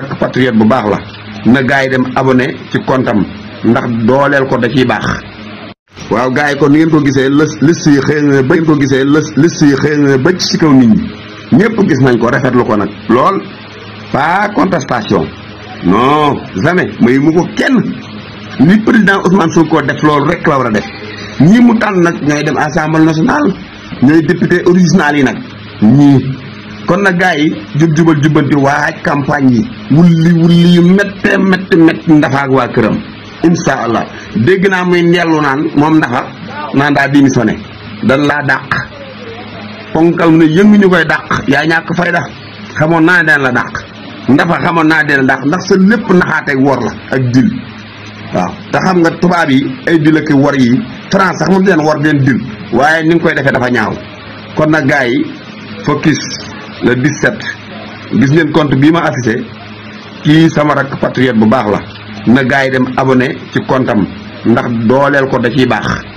ak patriote bu baax la na gars yi dem abone ci kontam ndax dooleel ko da yi baax waaw gars yi kon ni ngeen ko gisee lës list xëy na ba ko gisee lës list yi xëy na ba ci kaw nit ñi ñëpp gis nañ ko rafetlu ko nag lool pas contestation non jamais may mu ko kenn ni président Ousmane Sonko def loolu rek la war a def ñii mu tànn nag ñooy dem assemblée nationale ñooy député original yi nag ñii kon na gaay jub jubal jubanti waaj campagne wulli wulli metti metti metti ndafa ak wa këram insha allah dégg naa muy nellu naan mom ndafa naan daa démissionné dan la dàq ponkal ne yëngu ñu koy dàq ya ñak fayda xamoon na den la dàq ndafa xamoon na den la dàq ndax sa lepp naxate ak wor la ak dil wa ta xam nga tuba bi ay dil ak wor yi france sax moom den wor den dil waye ni ngui koy defé dafa ñaaw kon na gaay focus le 17 gis ngeen compte bii ma affiché kii sama rakk patriote bu baax la na gars yi dem abone ci compte am ndax dooleel ko da yi baax